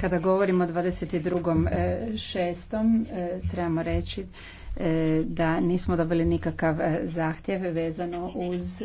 Kada govorimo o 22.6. E, e, trebamo reći e, da nismo dobili nikakav zahtjev vezano uz